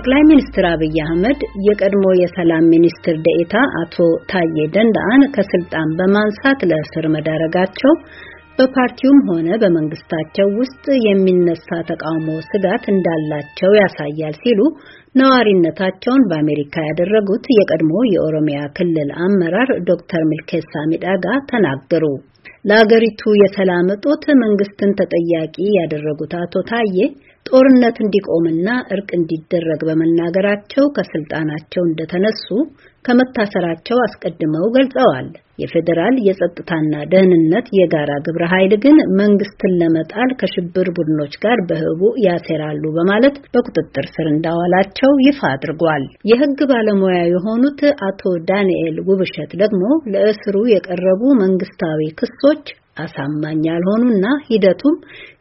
ጠቅላይ ሚኒስትር አብይ አህመድ የቀድሞ የሰላም ሚኒስትር ደኤታ አቶ ታዬ ደንዳአን ከስልጣን በማንሳት ለእስር መዳረጋቸው በፓርቲውም ሆነ በመንግስታቸው ውስጥ የሚነሳ ተቃውሞ ስጋት እንዳላቸው ያሳያል ሲሉ ነዋሪነታቸውን በአሜሪካ ያደረጉት የቀድሞ የኦሮሚያ ክልል አመራር ዶክተር ሚልኬሳ ሚዳጋ ተናገሩ። ለአገሪቱ የሰላም እጦት መንግስትን ተጠያቂ ያደረጉት አቶ ታዬ ጦርነት እንዲቆምና እርቅ እንዲደረግ በመናገራቸው ከስልጣናቸው እንደተነሱ ከመታሰራቸው አስቀድመው ገልጸዋል። የፌዴራል የጸጥታና ደህንነት የጋራ ግብረ ኃይል ግን መንግስትን ለመጣል ከሽብር ቡድኖች ጋር በህቡ ያሴራሉ በማለት በቁጥጥር ስር እንዳዋላቸው ይፋ አድርጓል። የህግ ባለሙያ የሆኑት አቶ ዳንኤል ውብሸት ደግሞ ለእስሩ የቀረቡ መንግስታዊ ክሶች አሳማኝ ያልሆኑና ሂደቱም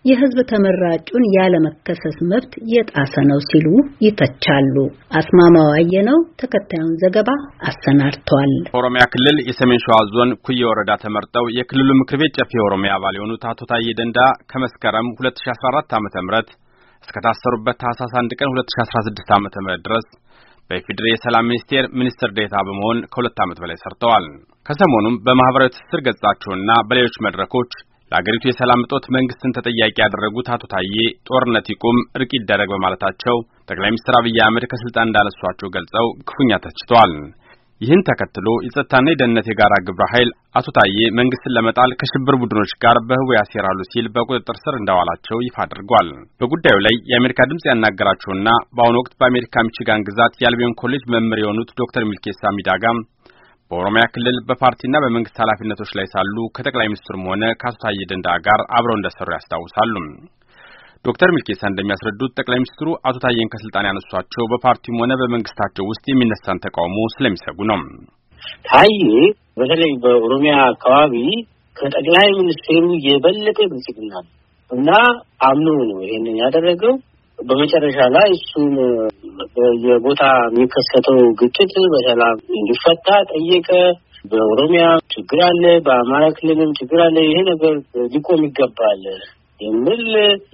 የህዝብ ተመራጩን ያለመከሰስ መብት የጣሰ ነው ሲሉ ይተቻሉ። አስማማው አየነው ተከታዩን ዘገባ አሰናድቷል። ኦሮሚያ ክልል የሰሜን ሸዋ ዞን ኩየ ወረዳ ተመርጠው የክልሉ ምክር ቤት ጨፌ ኦሮሚያ አባል የሆኑት አቶ ታዬ ደንዳ ከመስከረም 2014 ዓ.ም ታሰሩበት ታህሳስ 1 ቀን 2016 ዓ.ም ድረስ በኢፌዴሪ የሰላም ሚኒስቴር ሚኒስትር ዴታ በመሆን ከሁለት ዓመት በላይ ሰርተዋል። ከሰሞኑም በማህበራዊ ትስስር ገጻቸውና በሌሎች መድረኮች ለአገሪቱ የሰላም እጦት መንግስትን ተጠያቂ ያደረጉት አቶ ታዬ ጦርነት ይቁም፣ እርቅ ይደረግ በማለታቸው ጠቅላይ ሚኒስትር አብይ አህመድ ከስልጣን እንዳነሷቸው ገልጸው ክፉኛ ተችተዋል። ይህን ተከትሎ የጸጥታና የደህንነት የጋራ ግብረ ኃይል አቶ ታዬ መንግስትን ለመጣል ከሽብር ቡድኖች ጋር በህቡ ያሴራሉ ሲል በቁጥጥር ስር እንዳዋላቸው ይፋ አድርጓል። በጉዳዩ ላይ የአሜሪካ ድምፅ ያናገራቸውና በአሁኑ ወቅት በአሜሪካ ሚችጋን ግዛት የአልቢዮን ኮሌጅ መምህር የሆኑት ዶክተር ሚልኬሳ ሚዳጋም በኦሮሚያ ክልል በፓርቲና በመንግስት ኃላፊነቶች ላይ ሳሉ ከጠቅላይ ሚኒስትሩም ሆነ ከአቶ ታዬ ደንዳ ጋር አብረው እንደሰሩ ያስታውሳሉ። ዶክተር ሚልኬሳ እንደሚያስረዱት ጠቅላይ ሚኒስትሩ አቶ ታዬን ከስልጣን ያነሷቸው በፓርቲውም ሆነ በመንግስታቸው ውስጥ የሚነሳን ተቃውሞ ስለሚሰጉ ነው። ታዬ በተለይ በኦሮሚያ አካባቢ ከጠቅላይ ሚኒስትሩ የበለጠ ብልጽግና ነው እና አምኖ ነው ይሄንን ያደረገው። በመጨረሻ ላይ እሱም የቦታ የሚከሰተው ግጭት በሰላም እንዲፈታ ጠየቀ። በኦሮሚያ ችግር አለ፣ በአማራ ክልልም ችግር አለ። ይሄ ነገር ሊቆም ይገባል የሚል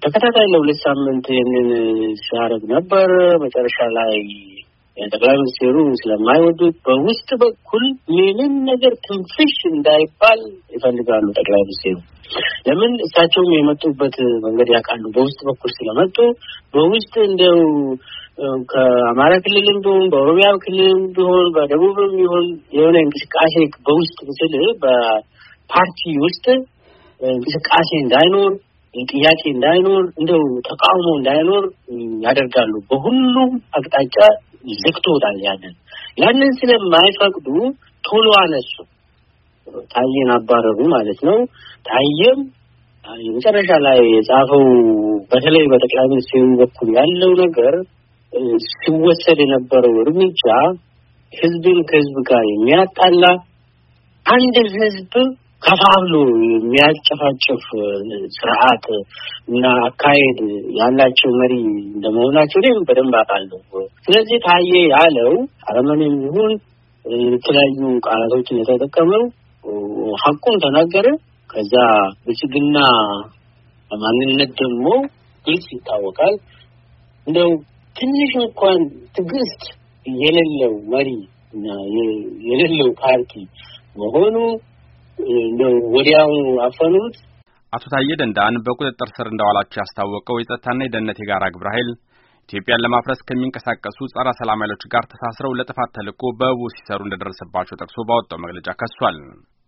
ተከታታይ ለሁለት ሳምንት ይህንን ሲያደርግ ነበር። መጨረሻ ላይ ጠቅላይ ሚኒስትሩ ስለማይወዱት በውስጥ በኩል ምንም ነገር ትንፍሽ እንዳይባል ይፈልጋሉ። ጠቅላይ ሚኒስትሩ ለምን እሳቸውም የመጡበት መንገድ ያውቃሉ። በውስጥ በኩል ስለመጡ በውስጥ እንደው ከአማራ ክልልም ቢሆን በኦሮሚያ ክልልም ቢሆን በደቡብም ቢሆን የሆነ እንቅስቃሴ በውስጥ ምስል በፓርቲ ውስጥ እንቅስቃሴ እንዳይኖር ጥያቄ እንዳይኖር እንደው ተቃውሞ እንዳይኖር ያደርጋሉ። በሁሉም አቅጣጫ ዘግቶታል። ያንን ያንን ስለማይፈቅዱ ቶሎ አነሱ። ታዬን አባረሩ ማለት ነው። ታዬም የመጨረሻ ላይ የጻፈው በተለይ በጠቅላይ ሚኒስትሩ በኩል ያለው ነገር ሲወሰድ የነበረው እርምጃ ህዝብን ከህዝብ ጋር የሚያጣላ አንድ ህዝብ ከፋሉ የሚያጨፋጭፍ ስርዓት እና አካሄድ ያላቸው መሪ እንደመሆናቸው ም በደንብ አውቃለሁ። ስለዚህ ታየ ያለው አረመኔም ይሁን የተለያዩ ቃላቶችን የተጠቀመው ሀቁን ተናገረ። ከዛ ብልጽግና ማንነት ደግሞ ግልጽ ይታወቃል። እንደው ትንሽ እንኳን ትዕግስት የሌለው መሪ የሌለው ፓርቲ መሆኑ ወዲያው አፈኑት። አቶ ታዬ ደንዳን በቁጥጥር ስር እንደዋላቸው ያስታወቀው የጸጥታና የደህንነት የጋራ ግብረ ኃይል ኢትዮጵያን ለማፍረስ ከሚንቀሳቀሱ ጸረ ሰላም ኃይሎች ጋር ተሳስረው ለጥፋት ተልዕኮ በህቡ ሲሰሩ እንደደረሰባቸው ጠቅሶ ባወጣው መግለጫ ከሷል።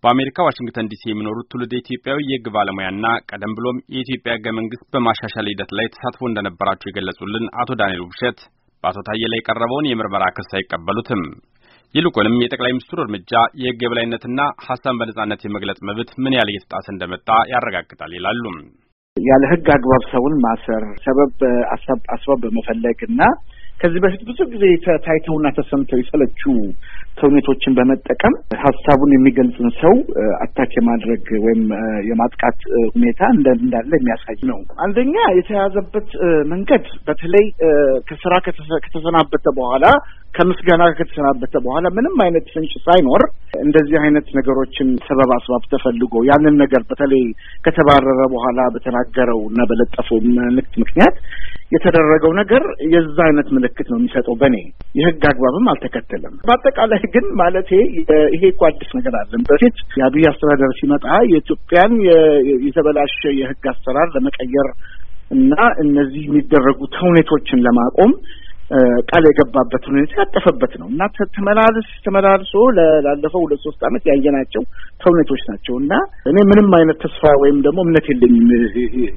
በአሜሪካ ዋሽንግተን ዲሲ የሚኖሩት ትውልደ ኢትዮጵያዊ የህግ ባለሙያና ቀደም ብሎም የኢትዮጵያ ህገ መንግስት በማሻሻል ሂደት ላይ ተሳትፎ እንደነበራቸው የገለጹልን አቶ ዳንኤል ውብሸት በአቶ ታዬ ላይ የቀረበውን የምርመራ ክስ አይቀበሉትም። ይልቁንም የጠቅላይ ሚኒስትሩ እርምጃ የህግ የበላይነትና ሀሳብን በነጻነት የመግለጽ መብት ምን ያህል እየተጣሰ እንደመጣ ያረጋግጣል ይላሉ። ያለ ህግ አግባብ ሰውን ማሰር ሰበብ አስባብ በመፈለግ እና ከዚህ በፊት ብዙ ጊዜ ታይተውና ተሰምተው የሰለቹ ተውኔቶችን በመጠቀም ሀሳቡን የሚገልጽን ሰው አታክ የማድረግ ወይም የማጥቃት ሁኔታ እንዳለ የሚያሳይ ነው። አንደኛ የተያዘበት መንገድ በተለይ ከስራ ከተሰናበተ በኋላ ከምስጋና ከተሰናበተ በኋላ ምንም አይነት ፍንጭ ሳይኖር እንደዚህ አይነት ነገሮችን ሰበብ አስባብ ተፈልጎ ያንን ነገር በተለይ ከተባረረ በኋላ በተናገረው እና በለጠፈው መልእክት ምክንያት የተደረገው ነገር የዛ አይነት ምልክት ነው የሚሰጠው። በእኔ የህግ አግባብም አልተከተለም። በአጠቃላይ ግን ማለት ይሄ እኮ አዲስ ነገር አለን። በፊት የአብይ አስተዳደር ሲመጣ የኢትዮጵያን የተበላሸ የህግ አሰራር ለመቀየር እና እነዚህ የሚደረጉ ተውኔቶችን ለማቆም ቃል የገባበት ሁኔታ ያጠፈበት ነው እና ተመላልስ ተመላልሶ ላለፈው ሁለት ሶስት ዓመት ያየናቸው ተውኔቶች ናቸው እና እኔ ምንም አይነት ተስፋ ወይም ደግሞ እምነት የለኝም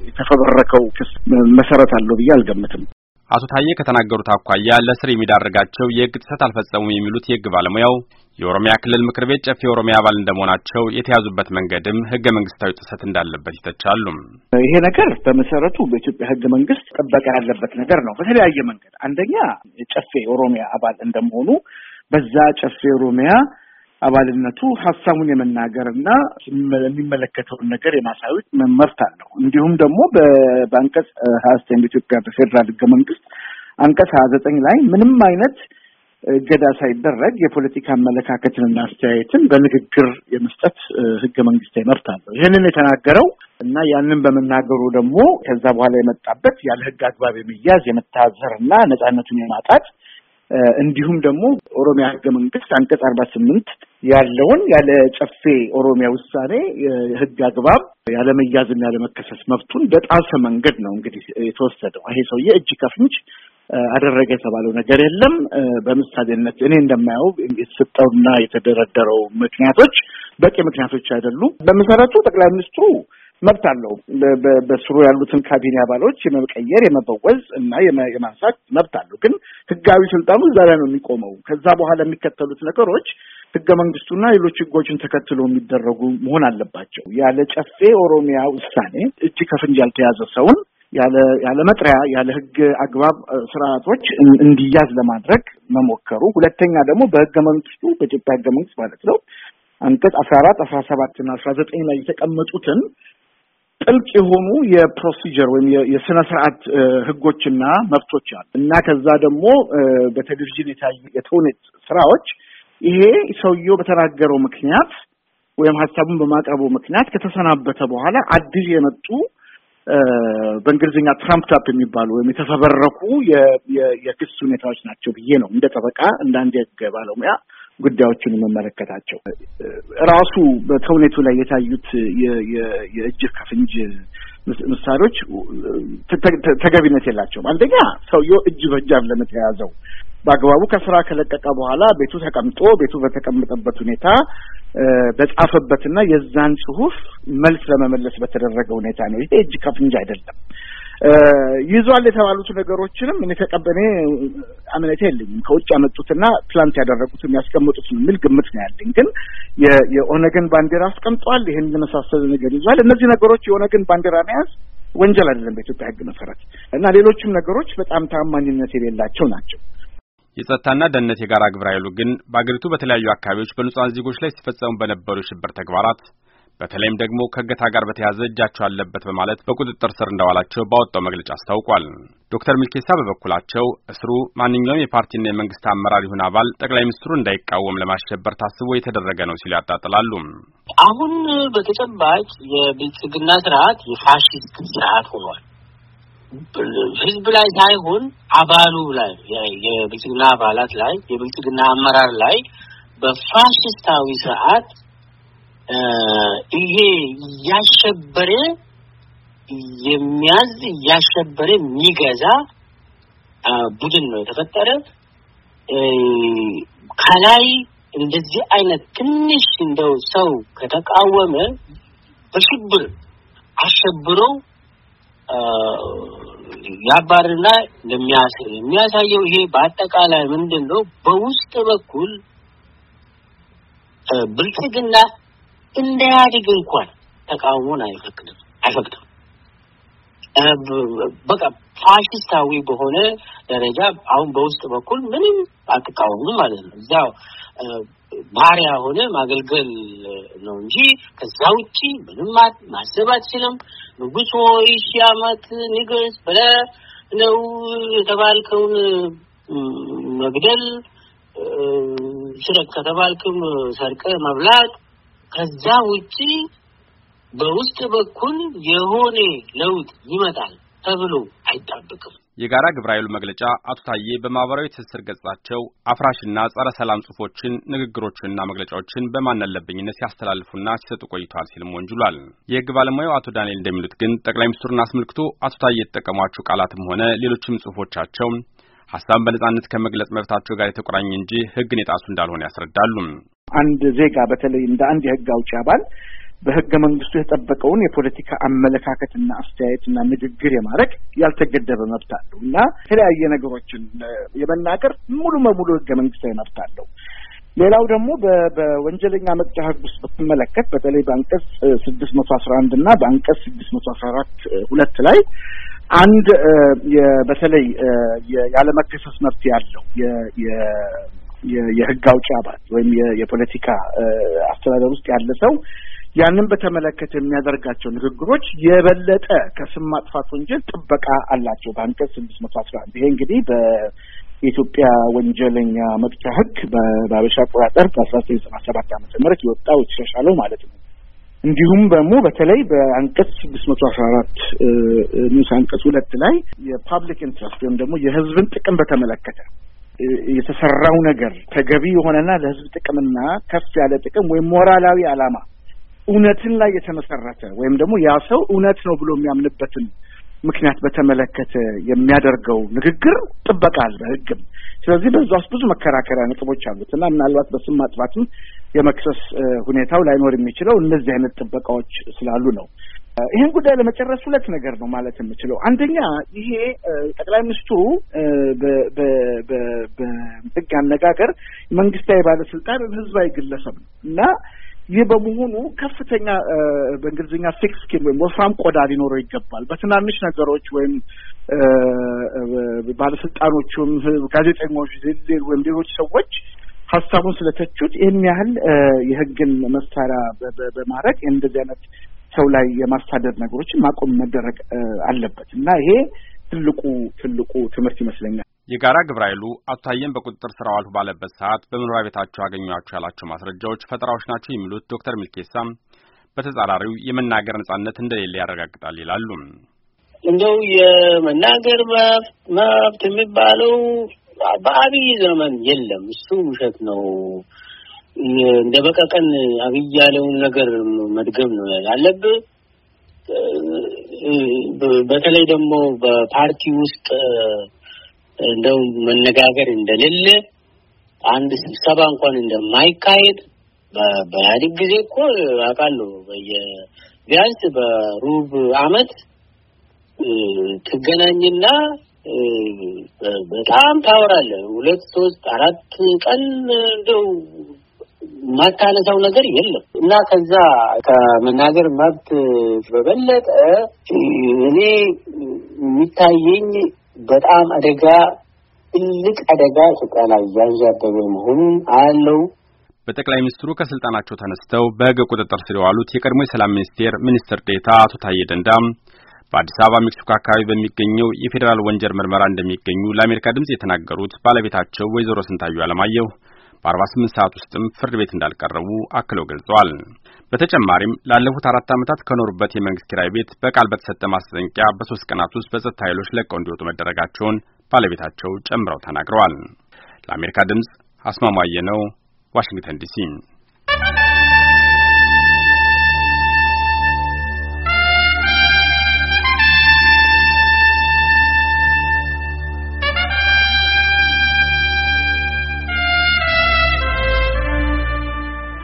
የተፈበረከው ክስ መሰረት አለው ብዬ አልገምትም። አቶ ታዬ ከተናገሩት አኳያ ለስር የሚዳርጋቸው የህግ ጥሰት አልፈጸሙም የሚሉት የህግ ባለሙያው የኦሮሚያ ክልል ምክር ቤት ጨፌ ኦሮሚያ አባል እንደመሆናቸው የተያዙበት መንገድም ህገ መንግስታዊ ጥሰት እንዳለበት ይተቻሉ። ይሄ ነገር በመሰረቱ በኢትዮጵያ ህገ መንግስት ጥበቃ ያለበት ነገር ነው። በተለያየ መንገድ አንደኛ ጨፌ ኦሮሚያ አባል እንደመሆኑ በዛ ጨፌ የኦሮሚያ አባልነቱ ሀሳቡን የመናገርና የሚመለከተውን ነገር የማሳወቅ መብት አለው። እንዲሁም ደግሞ በአንቀጽ ሀያ ዘጠኝ በኢትዮጵያ በፌዴራል ህገ መንግስት አንቀጽ ሀያ ዘጠኝ ላይ ምንም አይነት እገዳ ሳይደረግ የፖለቲካ አመለካከትንና አስተያየትን በንግግር የመስጠት ህገ መንግስታዊ መብት አለው። ይህንን የተናገረው እና ያንን በመናገሩ ደግሞ ከዛ በኋላ የመጣበት ያለ ህግ አግባብ የመያዝ እና ነጻነቱን የማጣት እንዲሁም ደግሞ ኦሮሚያ ህገ መንግስት አንቀጽ አርባ ስምንት ያለውን ያለ ጨፌ ኦሮሚያ ውሳኔ ህግ አግባብ ያለመያዝና ያለመከሰስ መብቱን በጣሰ መንገድ ነው እንግዲህ የተወሰደው። ይሄ ሰውዬ እጅ ከፍንጅ አደረገ የተባለው ነገር የለም። በምሳሌነት እኔ እንደማየው የተሰጠውና የተደረደረው ምክንያቶች በቂ ምክንያቶች አይደሉም። በመሰረቱ ጠቅላይ ሚኒስትሩ መብት አለው። በስሩ ያሉትን ካቢኔ አባሎች የመቀየር የመበወዝ እና የማንሳት መብት አለው። ግን ህጋዊ ስልጣኑ እዛ ላይ ነው የሚቆመው። ከዛ በኋላ የሚከተሉት ነገሮች ህገ መንግስቱና ሌሎች ህጎችን ተከትሎ የሚደረጉ መሆን አለባቸው። ያለ ጨፌ ኦሮሚያ ውሳኔ እጅ ከፍንጅ ያልተያዘ ሰውን ያለ መጥሪያ ያለ ህግ አግባብ ስርዓቶች እንዲያዝ ለማድረግ መሞከሩ፣ ሁለተኛ ደግሞ በህገ መንግስቱ በኢትዮጵያ ህገ መንግስት ማለት ነው አንቀጽ አስራ አራት አስራ ሰባት እና አስራ ዘጠኝ ላይ የተቀመጡትን ጥልቅ የሆኑ የፕሮሲጀር ወይም የስነ ስርዓት ህጎችና መብቶች አሉ እና ከዛ ደግሞ በቴሌቪዥን የታዩ የተውኔት ስራዎች ይሄ ሰውየው በተናገረው ምክንያት ወይም ሀሳቡን በማቅረቡ ምክንያት ከተሰናበተ በኋላ አዲስ የመጡ በእንግሊዝኛ ትራምፕ ታፕ የሚባሉ ወይም የተፈበረኩ የክስ ሁኔታዎች ናቸው ብዬ ነው እንደ ጠበቃ እንደ አንድ የህግ ባለሙያ ጉዳዮችን የምመለከታቸው። ራሱ በተውኔቱ ላይ የታዩት የእጅ ከፍንጅ ምሳሌዎች ተገቢነት የላቸውም። አንደኛ ሰውየው እጅ በእጃም ለመተያዘው በአግባቡ ከስራ ከለቀቀ በኋላ ቤቱ ተቀምጦ ቤቱ በተቀመጠበት ሁኔታ በጻፈበትና የዛን ጽሁፍ መልስ ለመመለስ በተደረገ ሁኔታ ነው። ይሄ እጅ ከፍንጅ አይደለም። ይዟል የተባሉት ነገሮችንም እኔ ተቀበኔ እምነት የለኝም። ከውጭ ያመጡትና ፕላንት ያደረጉት የሚያስቀምጡት የሚል ግምት ነው ያለኝ። ግን የኦነግን ባንዲራ አስቀምጧል፣ ይህን የመሳሰለ ነገር ይዟል። እነዚህ ነገሮች የኦነግን ባንዲራ መያዝ ወንጀል አይደለም በኢትዮጵያ ሕግ መሰረት እና ሌሎችም ነገሮች በጣም ታማኝነት የሌላቸው ናቸው። የጸጥታና ደህንነት የጋራ ግብረ ኃይሉ ግን በአገሪቱ በተለያዩ አካባቢዎች በንጹሐን ዜጎች ላይ ሲፈጸሙ በነበሩ የሽብር ተግባራት በተለይም ደግሞ ከእገታ ጋር በተያያዘ እጃቸው አለበት በማለት በቁጥጥር ስር እንደዋላቸው ባወጣው መግለጫ አስታውቋል። ዶክተር ሚልኬሳ በበኩላቸው እስሩ ማንኛውም የፓርቲና የመንግስት አመራር ይሁን አባል ጠቅላይ ሚኒስትሩ እንዳይቃወም ለማሸበር ታስቦ የተደረገ ነው ሲሉ ያጣጥላሉ። አሁን በተጨባጭ የብልጽግና ስርዓት የፋሽስት ስርዓት ሆኗል። ህዝብ ላይ ሳይሆን አባሉ ላይ የብልጽግና አባላት ላይ የብልጽግና አመራር ላይ በፋሽስታዊ ስርዓት ይሄ እያሸበረ የሚያዝ እያሸበረ የሚገዛ ቡድን ነው የተፈጠረ። ከላይ እንደዚህ አይነት ትንሽ እንደው ሰው ከተቃወመ በሽብር አሸብሮ ያባርና ለሚያስር የሚያሳየው ይሄ በአጠቃላይ ምንድን ነው? በውስጥ በኩል ብልጽግና እንደ ኢህአዴግ እንኳን ተቃውሞን አይፈቅድም አይፈቅድም። በቃ ፋሽስታዊ በሆነ ደረጃ አሁን በውስጥ በኩል ምንም አትቃወምም ማለት ነው። እዚያው ባሪያ ሆነ ማገልገል ነው እንጂ ከዛ ውጪ ምንም ማሰብ አትችልም። ንጉሥ ሆይ ሺህ ዓመት ንገስ ብለህ ነው የተባልከውን መግደል፣ ስረቅ ከተባልክም ሰርቀ መብላት ከዛ ውጪ በውስጥ በኩል የሆነ ለውጥ ይመጣል ተብሎ አይጠበቅም። የጋራ ግብረ ኃይሉ መግለጫ አቶ ታዬ በማህበራዊ ትስስር ገጻቸው አፍራሽና ጸረ ሰላም ጽሁፎችን፣ ንግግሮችንና መግለጫዎችን በማናለብኝነት ሲያስተላልፉና ሲሰጡ ቆይተዋል ሲልም ወንጅሏል። የህግ ባለሙያው አቶ ዳንኤል እንደሚሉት ግን ጠቅላይ ሚኒስትሩን አስመልክቶ አቶ ታዬ የተጠቀሟቸው ቃላትም ሆነ ሌሎችም ጽሁፎቻቸው ሀሳብን በነጻነት ከመግለጽ መብታቸው ጋር የተቆራኘ እንጂ ህግን የጣሱ እንዳልሆነ ያስረዳሉ። አንድ ዜጋ በተለይ እንደ አንድ የህግ አውጪ አባል በህገ መንግስቱ የተጠበቀውን የፖለቲካ አመለካከትና አስተያየትና ንግግር የማድረግ ያልተገደበ መብት አለው እና የተለያየ ነገሮችን የመናገር ሙሉ በሙሉ ህገ መንግስታዊ መብት አለው። ሌላው ደግሞ በወንጀለኛ መቅጫ ህግ ውስጥ ብትመለከት በተለይ በአንቀጽ ስድስት መቶ አስራ አንድ እና በአንቀጽ ስድስት መቶ አስራ አራት ሁለት ላይ አንድ በተለይ ያለመከሰስ መብት ያለው የህግ አውጪ አባል ወይም የፖለቲካ አስተዳደር ውስጥ ያለ ሰው ያንን በተመለከተ የሚያደርጋቸው ንግግሮች የበለጠ ከስም ማጥፋት ወንጀል ጥበቃ አላቸው በአንቀጽ ስድስት መቶ አስራ አንድ ይሄ እንግዲህ በኢትዮጵያ ወንጀለኛ መቅጫ ህግ በአበሻ አቆጣጠር በአስራ ዘጠኝ ዘጠና ሰባት አመተ ምህረት የወጣው የተሻሻለው ማለት ነው። እንዲሁም ደግሞ በተለይ በአንቀጽ ስድስት መቶ አስራ አራት ንዑስ አንቀጽ ሁለት ላይ የፓብሊክ ኢንትረስት ወይም ደግሞ የህዝብን ጥቅም በተመለከተ የተሰራው ነገር ተገቢ የሆነና ለህዝብ ጥቅምና ከፍ ያለ ጥቅም ወይም ሞራላዊ አላማ እውነትን ላይ የተመሰረተ ወይም ደግሞ ያ ሰው እውነት ነው ብሎ የሚያምንበትን ምክንያት በተመለከተ የሚያደርገው ንግግር ጥበቃ አለ ህግም። ስለዚህ በዛ ውስጥ ብዙ መከራከሪያ ነጥቦች አሉት እና ምናልባት በስም ማጥፋትም የመክሰስ ሁኔታው ላይኖር የሚችለው እነዚህ አይነት ጥበቃዎች ስላሉ ነው። ይህን ጉዳይ ለመጨረስ ሁለት ነገር ነው ማለት የምችለው። አንደኛ ይሄ ጠቅላይ ሚኒስትሩ በህግ አነጋገር መንግስታዊ ባለስልጣን ህዝባዊ ግለሰብ ነው እና ይህ በመሆኑ ከፍተኛ በእንግሊዝኛ ቲክ ስኪን ወይም ወፍራም ቆዳ ሊኖረው ይገባል። በትናንሽ ነገሮች ወይም ባለስልጣኖቹም፣ ጋዜጠኞች፣ ዜዜል ወይም ሌሎች ሰዎች ሀሳቡን ስለተቹት ይህን ያህል የህግን መሳሪያ በማድረግ እንደዚህ አይነት ሰው ላይ የማሳደድ ነገሮችን ማቆም መደረግ አለበት እና ይሄ ትልቁ ትልቁ ትምህርት ይመስለኛል። የጋራ ግብረ ኃይሉ አቶ ታዬን በቁጥጥር ስር አዋልኩ ባለበት ሰዓት በመኖሪያ ቤታቸው ያገኟቸው ያላቸው ማስረጃዎች ፈጠራዎች ናቸው የሚሉት ዶክተር ሚልኬሳ በተጻራሪው የመናገር ነጻነት እንደሌለ ያረጋግጣል ይላሉ። እንደው የመናገር መብት የሚባለው በአብይ ዘመን የለም። እሱ ውሸት ነው። እንደ በቀቀን አብይ ያለውን ነገር መድገም ነው ያለብህ። በተለይ ደግሞ በፓርቲ ውስጥ እንደው መነጋገር እንደሌለ አንድ ስብሰባ እንኳን እንደማይካሄድ በኢህአዴግ ጊዜ እኮ አውቃለሁ። በየ ቢያንስ በሩብ አመት ትገናኝና በጣም ታወራለህ። ሁለት ሶስት አራት ቀን እንደው ማታነሳው ነገር የለም እና ከዛ ከመናገር መብት በበለጠ እኔ የሚታየኝ በጣም አደጋ ትልቅ አደጋ ኢትዮጵያ ላይ ያንዣበበ መሆኑን አያለው። በጠቅላይ ሚኒስትሩ ከስልጣናቸው ተነስተው በህገ ቁጥጥር ስር የዋሉት የቀድሞ የሰላም ሚኒስቴር ሚኒስትር ዴታ አቶ ታዬ ደንዳም በአዲስ አበባ ሜክሲኮ አካባቢ በሚገኘው የፌዴራል ወንጀል ምርመራ እንደሚገኙ ለአሜሪካ ድምጽ የተናገሩት ባለቤታቸው ወይዘሮ ስንታዩ አለማየሁ በ48 ሰዓት ውስጥም ፍርድ ቤት እንዳልቀረቡ አክለው ገልጸዋል። በተጨማሪም ላለፉት አራት ዓመታት ከኖሩበት የመንግስት ኪራይ ቤት በቃል በተሰጠ ማስጠንቀቂያ በሶስት ቀናት ውስጥ በጸጥታ ኃይሎች ለቀው እንዲወጡ መደረጋቸውን ባለቤታቸው ጨምረው ተናግረዋል። ለአሜሪካ ድምፅ አስማማየ ነው፣ ዋሽንግተን ዲሲ